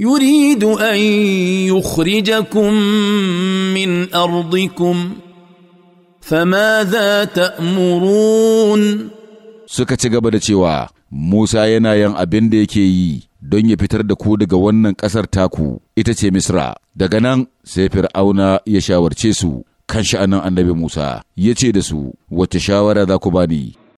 يريد ان يخرجكم من ارضكم فماذا تامرون suka ci gaba da cewa Musa yana yin abin da yake yi don ya fitar da ku daga wannan ƙasar taku ita ce Misra daga nan sai Fir'auna ya shawarce su kan sha'anin annabi Musa ya ce da su wace shawara za ku bani